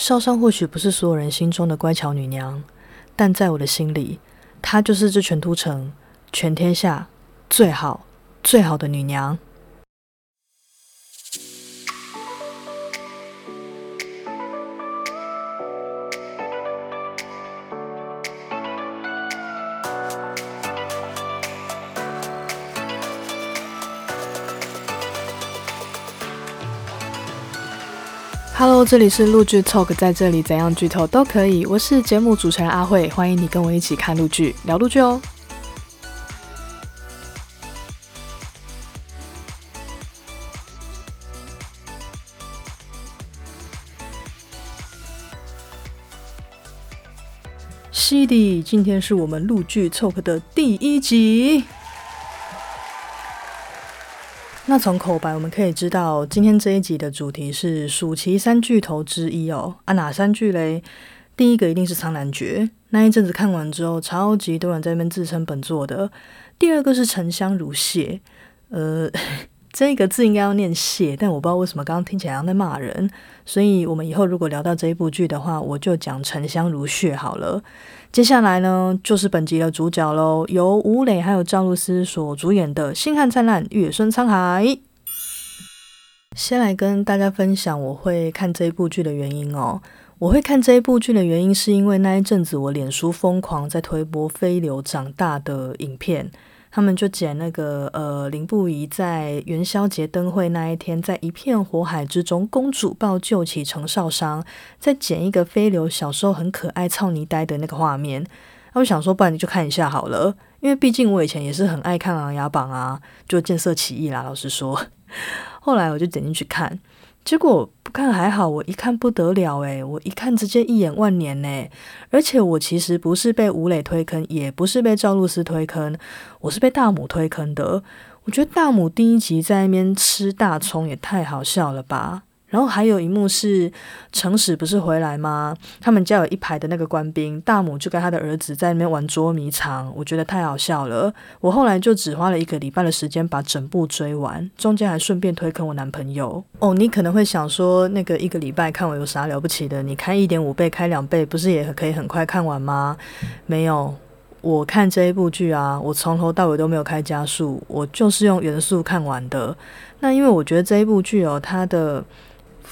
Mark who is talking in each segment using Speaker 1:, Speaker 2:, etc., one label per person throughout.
Speaker 1: 少商或許不是所有人心中的乖巧女娘，但在我的心裡，她就是這全都城、全天下最好、最好的女娘。這裡是陸劇 Talk，在這裡怎樣劇透都可以。我是節目主持人阿慧，歡迎你跟我一起看陸劇、聊陸劇哦。cd 今天是我們陸劇 Talk 的第一集。那從口白我們可以知道，今天這一集的主題是暑期三巨頭之一哦。啊，哪三巨嘞？第一個一定是《蒼蘭訣》，那一陣子看完之後，超級多人在那邊自稱本座的。第二個是《沉香如屑》，呃。 這一個字應該要念謝，但我不知道為什麼剛剛聽起來好像在罵人。所以，我們以後如果聊到這一部劇的話，我就講沉香如屑好了。接下來呢，就是本集的主角嘍，由吳磊還有趙露思所主演的《星漢燦爛，月升滄海》。先來跟大家分享我會看這一部劇的原因哦。我會看這一部劇的原因，是因為那一陣子我臉書瘋狂在推播飛流長大的影片。他們就剪那個呃，凌不疑在元宵節燈會那一天，在一片火海之中，公主抱救起程少商，再剪一個飛流小時候很可愛、操泥呆的那個畫面。然後想說，不然你就看一下好了，因為畢竟我以前也是很愛看、啊《琅琊榜》啊，就見色起意啦。老實說，後來我就點進去看，結果。看還好，我一看不得了誒。我一看直接一眼萬年呢，而且我其實不是被吳磊推坑，也不是被趙露思推坑，我是被大母推坑的。我覺得大母第一集在那邊吃大蔥也太好笑了吧。然後還有一幕是程始不是回來嗎？他們家有一排的那個官兵，大母就跟他的兒子在那邊玩捉迷藏，我覺得太好笑了。我後來就只花了一個禮拜的時間把整部追完，中間還順便推坑我男朋友。哦，你可能會想說，那個一個禮拜看完有啥了不起的？你開一點五倍、開兩倍，不是也可以很快看完嗎？沒有，我看這一部劇啊，我從頭到尾都沒有開加速，我就是用原速看完的。那因為我覺得這一部劇哦，它的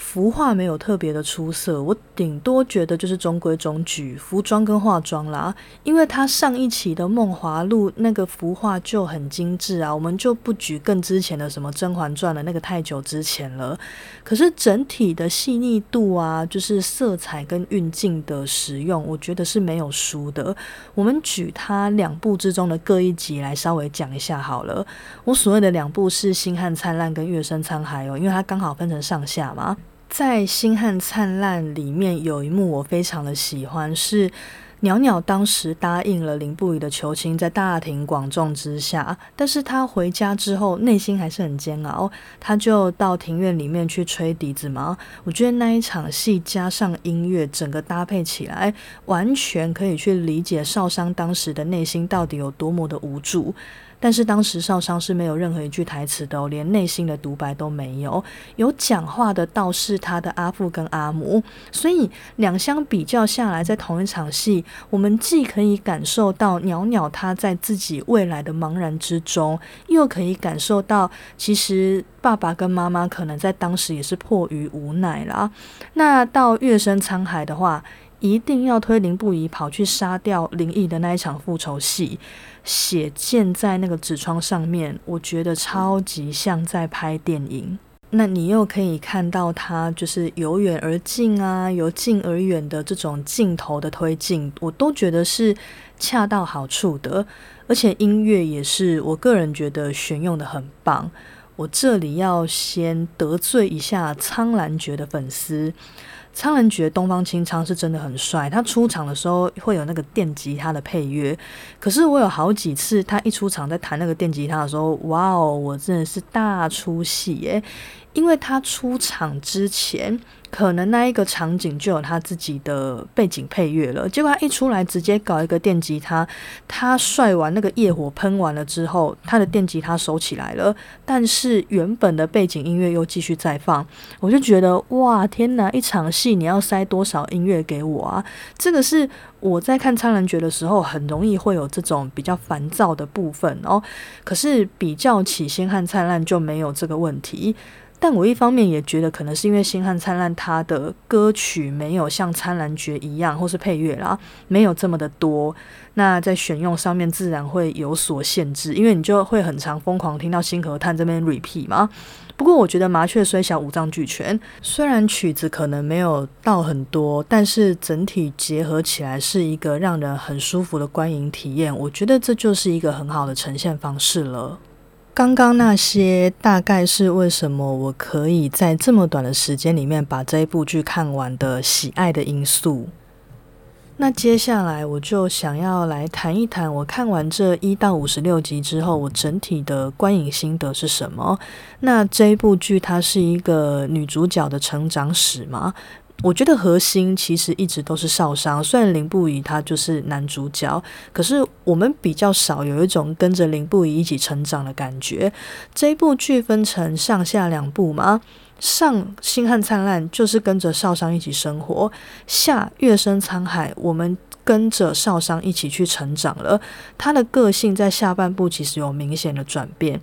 Speaker 1: 服化沒有特別的出色，我頂多覺得就是中規中矩。服裝跟化妝啦，因為他上一期的《夢華錄》那個服化就很精緻啊，我們就不舉更之前的什麼《甄嬛傳》了，那個太久之前了。可是整體的細膩度啊，就是色彩跟運鏡的使用，我覺得是沒有輸的。我們舉他兩部之中的各一集來稍微講一下好了。我所謂的兩部是《星漢燦爛》跟《月升滄海》哦，因為它剛好分成上下嘛。在《星漢燦爛》裡面有一幕我非常的喜歡，是嫋嫋當時答應了凌不疑的求親，在大庭廣眾之下，但是他回家之後內心還是很煎熬，他就到庭院裡面去吹笛子嘛。我覺得那一場戲加上音樂，整個搭配起來，完全可以去理解少商當時的內心到底有多麼的無助。但是當時少商是沒有任何一句台詞的哦，連內心的獨白都沒有。有講話的倒是他的阿父跟阿母，所以兩相比較下來，在同一場戲，我們既可以感受到嫋嫋他在自己未來的茫然之中，又可以感受到其實爸爸跟媽媽可能在當時也是迫於無奈了。那到月升滄海的話，一定要推凌不疑跑去殺掉林毅的那一場復仇戲。血濺在那個紙窗上面，我覺得超級像在拍電影。那你又可以看到它，就是由遠而近啊，由近而遠的這種鏡頭的推進，我都覺得是恰到好處的。而且音樂也是，我個人覺得選用的很棒。我這裡要先得罪一下蒼蘭訣的粉絲，蒼蘭訣東方青蒼是真的很帥，他出場的時候會有那個電吉他的配樂，可是我有好幾次他一出場在彈那個電吉他的時候，哇哦，我真的是大出戲欸。因為他出場之前，可能那一個場景就有他自己的背景配樂了。結果他一出來，直接搞一個電吉他。他帥完那個業火噴完了之後，他的電吉他收起來了，但是原本的背景音樂又繼續再放。我就覺得哇，天哪！一場戲你要塞多少音樂給我啊？這個是我在看《蒼蘭訣》的時候，很容易會有這種比較煩躁的部分哦。可是比較起《星漢燦爛》就沒有這個問題。但我一方面也覺得，可能是因為星漢燦爛它的歌曲沒有像蒼蘭訣一樣，或是配樂啦，沒有這麼的多，那在選用上面自然會有所限制，因為你就會很常瘋狂聽到星河嘆這邊 repeat 嘛。不過我覺得麻雀雖小五臟俱全，雖然曲子可能沒有到很多，但是整體結合起來是一個讓人很舒服的觀影體驗，我覺得這就是一個很好的呈現方式了。剛剛那些大概是為什麼我可以在這麼短的時間裡面把這一部劇看完的喜愛的因素。那接下來我就想要來談一談我看完這一到五十六集之後，我整體的觀影心得是什麼？那這一部劇它是一個女主角的成長史嗎？我覺得核心其實一直都是少商，雖然凌不疑他就是男主角，可是我們比較少有一種跟着凌不疑一起成長的感覺。這一部劇分成上下兩部嘛，上星漢燦爛就是跟着少商一起生活，下月升滄海，我們跟着少商一起去成長了，他的個性在下半部其實有明顯的轉變。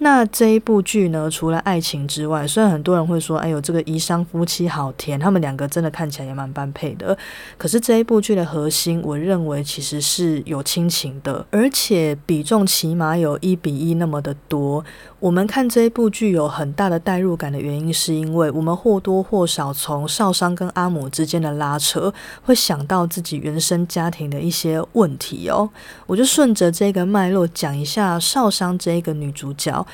Speaker 1: 那這一部劇呢，除了愛情之外，雖然很多人會說，哎呦，這個疑商夫妻好甜，他們兩個真的看起來也蠻般配的。可是這一部劇的核心，我認為其實是有親情的，而且比重起碼有一比一那麼的多。我們看這一部劇有很大的代入感的原因，是因為我們或多或少從少商跟阿母之間的拉扯，會想到自己原生家庭的一些問題哦、喔。我就順着這個脈絡講一下少商這個女主角。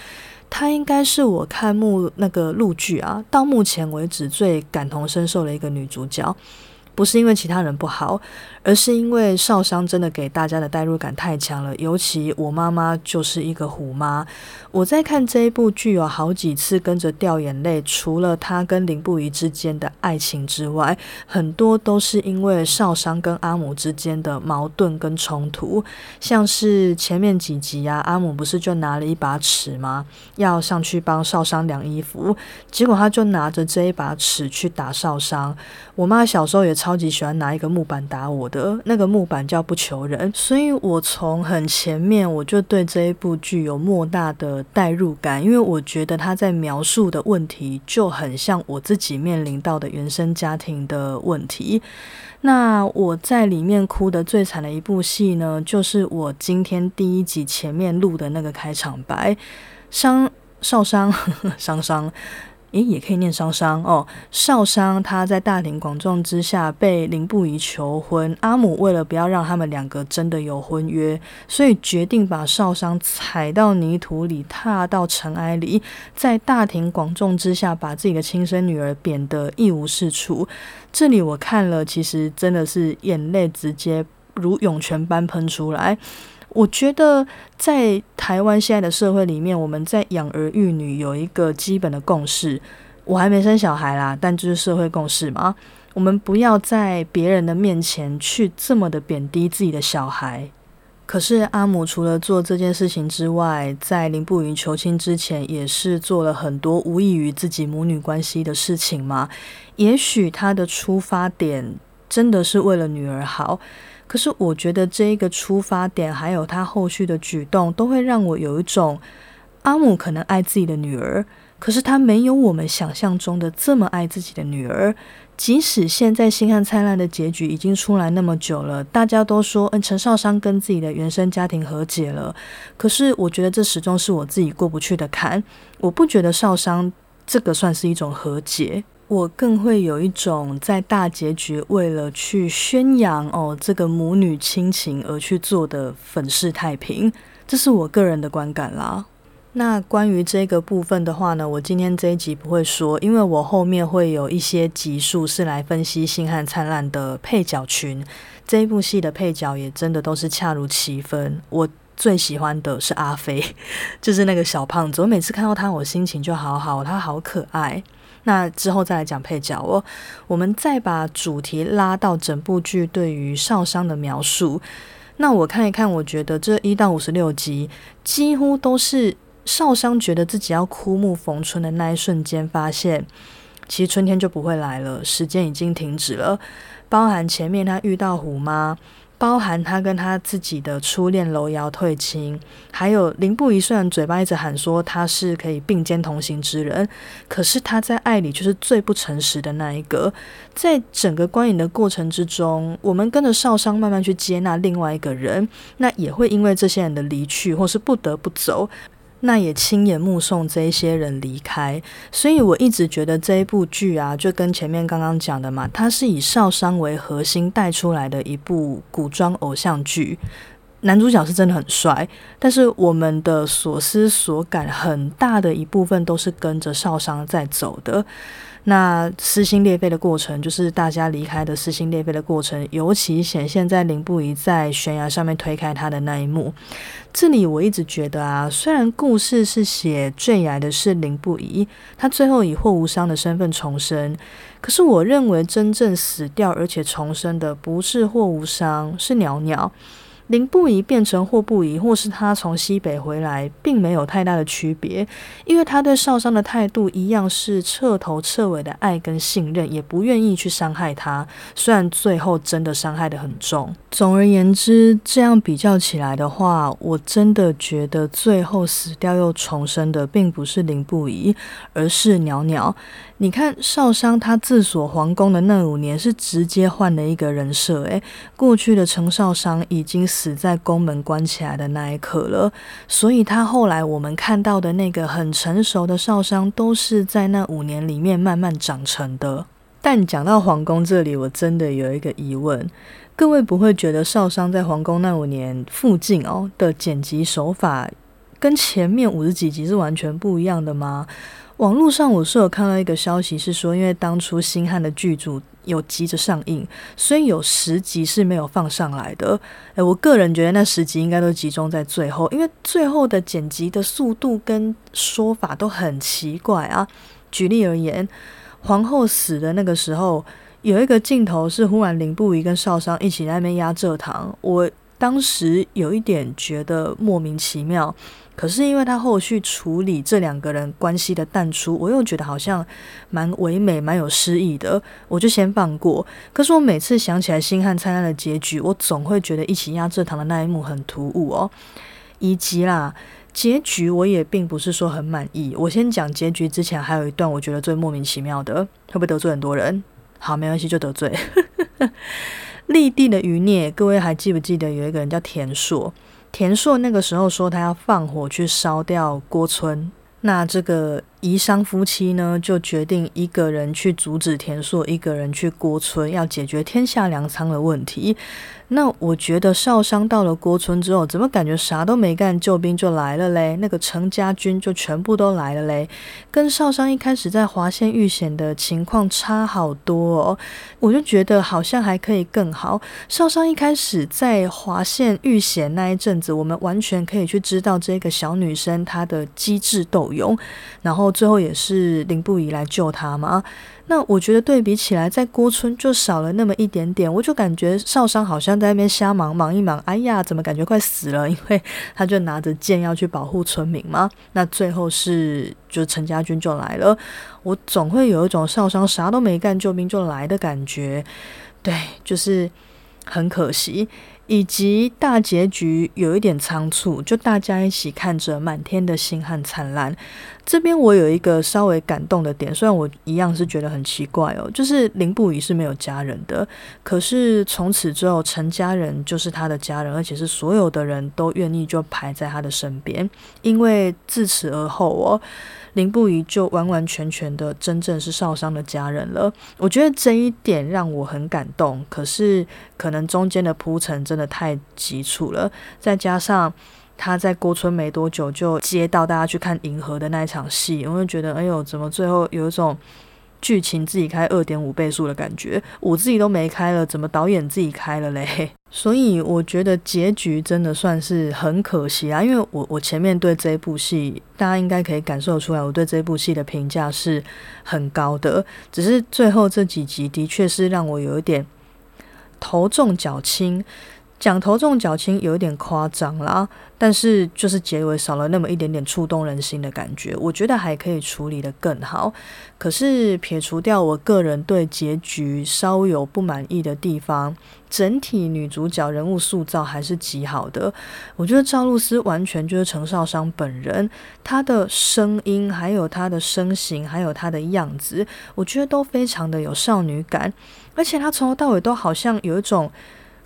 Speaker 1: 她應該是我看慕那個陸劇啊，到目前為止最感同身受的一個女主角。不是因為其他人不好，而是因為少商真的給大家的代入感太強了。尤其我媽媽就是一個虎媽，我在看這一部劇有、哦、好幾次跟着掉眼淚。除了她跟凌不疑之間的愛情之外，很多都是因為少商跟阿母之間的矛盾跟衝突。像是前面幾集啊，阿母不是就拿了一把尺嗎？要上去幫少商量衣服，結果他就拿着這一把尺去打少商。我媽小時候也。超級喜歡拿一個木板打我的那個木板叫不求人，所以我從很前面我就對這一部劇有莫大的代入感，因為我覺得他在描述的問題就很像我自己面臨到的原生家庭的問題。那我在裡面哭的最慘的一部戲呢，就是我今天第一集前面錄的那個開場白，傷，受傷，傷傷。呵呵傷傷誒，也可以念少商哦，少商他在大庭廣眾之下被凌不疑求婚，阿母為了不要讓他們兩個真的有婚約，所以決定把少商踩到泥土裡，踏到塵埃裡，在大庭廣眾之下把自己的親生女兒貶得一無是處。這裡我看了，其實真的是眼淚直接如湧泉般噴出來。我覺得在台灣現在的社會裡面，我們在養兒育女有一個基本的共識。我還沒生小孩啦，但就是社會共識嘛，我們不要在別人的面前去這麼的貶低自己的小孩。可是阿母除了做這件事情之外，在林步雲求親之前，也是做了很多無異於自己母女關係的事情嘛，也許她的出發點真的是為了女兒好。可是我覺得這一個出發點，還有他後續的舉動，都會讓我有一種阿母可能愛自己的女兒，可是他沒有我們想象中的這麼愛自己的女兒。即使現在《星漢燦爛》的結局已經出來那麼久了，大家都說嗯，程少商跟自己的原生家庭和解了，可是我覺得這始終是我自己過不去的坎。我不覺得少商這個算是一種和解。我更會有一種在大結局為了去宣揚哦這個母女親情而去做的粉飾太平，這是我個人的觀感啦。那關於這個部分的話呢，我今天這一集不會說，因為我後面會有一些集數是來分析《星漢燦爛》的配角群。這一部戲的配角也真的都是恰如其分。我最喜歡的是阿飛，就是那個小胖子。我每次看到他，我心情就好好，他好可愛。那之後再來講配角哦。我們再把主題拉到整部劇對於少商的描述。那我看一看，我覺得這一到五十六集幾乎都是少商覺得自己要枯木逢春的那一瞬間，發現其實春天就不會來了，時間已經停止了。包含前面他遇到虎媽。包含他跟他自己的初戀樓垚退親，還有凌不疑，雖然嘴巴一直喊說他是可以並肩同行之人，可是他在愛裡就是最不誠實的那一個。在整個觀影的過程之中，我們跟着少商慢慢去接納另外一個人，那也會因為這些人的離去或是不得不走。那也親眼目送這些人離開，所以我一直覺得這一部劇啊，就跟前面剛剛講的嘛，它是以少商為核心帶出來的一部古裝偶像劇。男主角是真的很帥，但是我們的所思所感很大的一部分都是跟着少商在走的。那撕心裂肺的過程，就是大家離開的撕心裂肺的過程，尤其顯現在凌不疑在懸崖上面推開他的那一幕。這裡我一直覺得啊，雖然故事是寫墜崖的是凌不疑，他最後以霍無傷的身份重生，可是我認為真正死掉而且重生的不是霍無傷，是嫋嫋。林不疑變成霍不疑，或是他從西北回來，並沒有太大的區別，因為他對少商的態度一樣是徹頭徹尾的愛跟信任，也不願意去傷害他。雖然最後真的傷害得很重。總而言之，這樣比較起來的話，我真的覺得最後死掉又重生的，並不是林不疑，而是嫋嫋。你看少商，他自鎖皇宮的那五年是直接換了一個人設。誒、欸，過去的程少商已經死在宮門關起來的那一刻了，所以他後來我們看到的那個很成熟的少商，都是在那五年裡面慢慢長成的。但講到皇宮這裡，我真的有一個疑問：各位不會覺得少商在皇宮那五年附近哦的剪輯手法，跟前面五十幾集是完全不一樣的嗎？網絡上我是有看到一個消息，是說因為當初《星漢》的劇組有急着上映，所以有十集是沒有放上來的。誒、欸，我個人覺得那十集應該都集中在最後，因為最後的剪輯的速度跟說法都很奇怪啊。舉例而言，皇后死的那個時候，有一個鏡頭是忽然凌不疑跟少商一起在那邊壓蔗糖，我當時有一點覺得莫名其妙，可是因為他後續處理這兩個人關係的淡出，我又覺得好像蠻唯美、蠻有詩意的，我就先放過。可是我每次想起來星漢燦爛的結局，我總會覺得一起壓蔗糖的那一幕很突兀哦，以及啦結局我也並不是說很滿意。我先講結局之前，還有一段我覺得最莫名其妙的，會不會得罪很多人？好，沒關係，就得罪。 戾帝的餘孽，各位還記不記得有一個人叫田碩？田碩那個時候說他要放火去燒掉郭村，那這個疑商夫妻呢就決定一個人去阻止田碩，一個人去郭村，要解決天下糧倉的問題。那我覺得少商到了郭村之後，怎麼感覺啥都沒幹，救兵就來了嘞？那個程家軍就全部都來了嘞，跟少商一開始在華縣遇險的情況差好多哦。我就覺得好像還可以更好。少商一開始在華縣遇險那一陣子，我們完全可以去知道這個小女生她的機智鬥勇，然後最後也是凌不疑來救她嘛。那我覺得對比起來，在郭村就少了那麼一點點，我就感覺少商好像在那邊瞎忙忙一忙，哎呀，怎麼感覺快死了？因為他就拿着劍要去保護村民嘛。那最後是就程家軍就來了，我總會有一種少商啥都沒幹救兵就來的感覺，對，就是很可惜。以及大結局有一點倉促，就大家一起看着滿天的星漢燦爛。這邊我有一個稍微感動的點，雖然我一樣是覺得很奇怪哦，就是凌不疑是沒有家人的，可是從此之後，程家人就是他的家人，而且是所有的人都願意就陪在他的身邊，因為自此而後哦，凌不疑就完完全全的真正是少商的家人了。我覺得這一點讓我很感動，可是。可能中間的鋪陳真的太急促了，再加上他在郭村沒多久就接到大家去看銀河的那一場戲，我就覺得哎呦，怎麼最後有一種劇情自己開二點五倍速的感覺？我自己都沒開了，怎麼導演自己開了嘞？所以我覺得結局真的算是很可惜啊，因為我我前面對這一部戲，大家應該可以感受得出來，我對這部戲的評價是很高的，只是最後這幾集的確是讓我有一點。頭重腳輕。講頭重腳輕有一點誇張啦，但是就是結尾少了那麼一點點觸動人心的感覺，我覺得還可以處理得更好。可是撇除掉我個人對結局稍有不滿意的地方，整體女主角人物塑造還是極好的。我覺得趙露思完全就是程少商本人，她的聲音、還有她的身形、還有她的樣子，我覺得都非常的有少女感，而且她從頭到尾都好像有一種。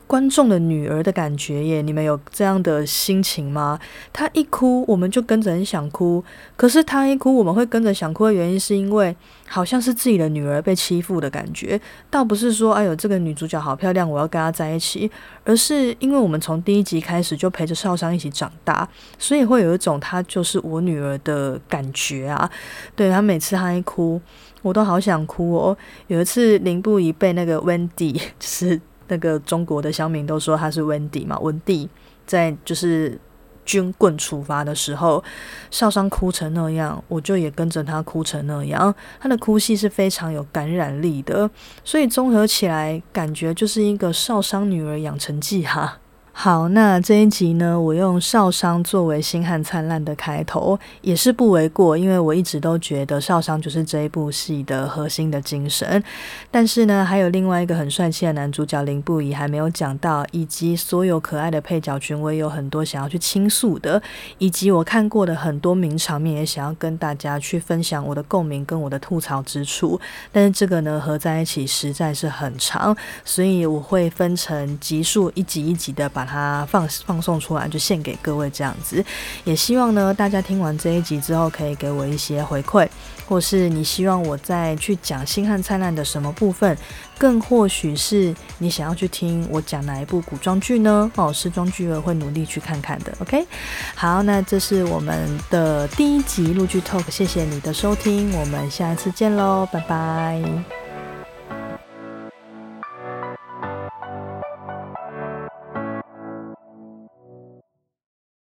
Speaker 1: 觀眾的女兒的感覺耶，你們有這樣的心情嗎？她一哭，我們就跟着很想哭。可是她一哭，我們會跟着想哭的原因，是因為好像是自己的女兒被欺負的感覺。倒不是說，哎呦，這個女主角好漂亮，我要跟她在一起，而是因為我們從第一集開始就陪着少商一起長大，所以會有一種她就是我女兒的感覺啊。對她每次她一哭，我都好想哭哦。有一次凌不疑被那個溫迪就是。那個中國的鄉民都說他是文帝嘛，文帝在就是軍棍處罰的時候，少商哭成那樣，我就也跟着他哭成那樣，他的哭戲是非常有感染力的，所以綜合起來感覺就是一個少商女兒養成記哈。好，那這一集呢，我用少商作為《星漢燦爛》的開頭也是不為過，因為我一直都覺得少商就是這一部戲的核心的精神。但是呢，還有另外一個很帥氣的男主角林不疑還沒有講到，以及所有可愛的配角群，我也有很多想要去傾訴的，以及我看過的很多名場面也想要跟大家去分享我的共鳴跟我的吐槽之處。但是這個呢，合在一起實在是很長，所以我會分成集數一集一集的把，它放放送出來，就獻給各位這樣子。也希望呢，大家聽完這一集之後，可以給我一些回饋，或是你希望我再去講《星漢燦爛》的什麼部分，更或許是你想要去聽我講哪一部古裝劇呢？哦，時裝劇我會努力去看看的。OK，好，那這是我們的第一集《陸劇 Talk》，謝謝你的收聽，我們下一次見嘍，拜拜。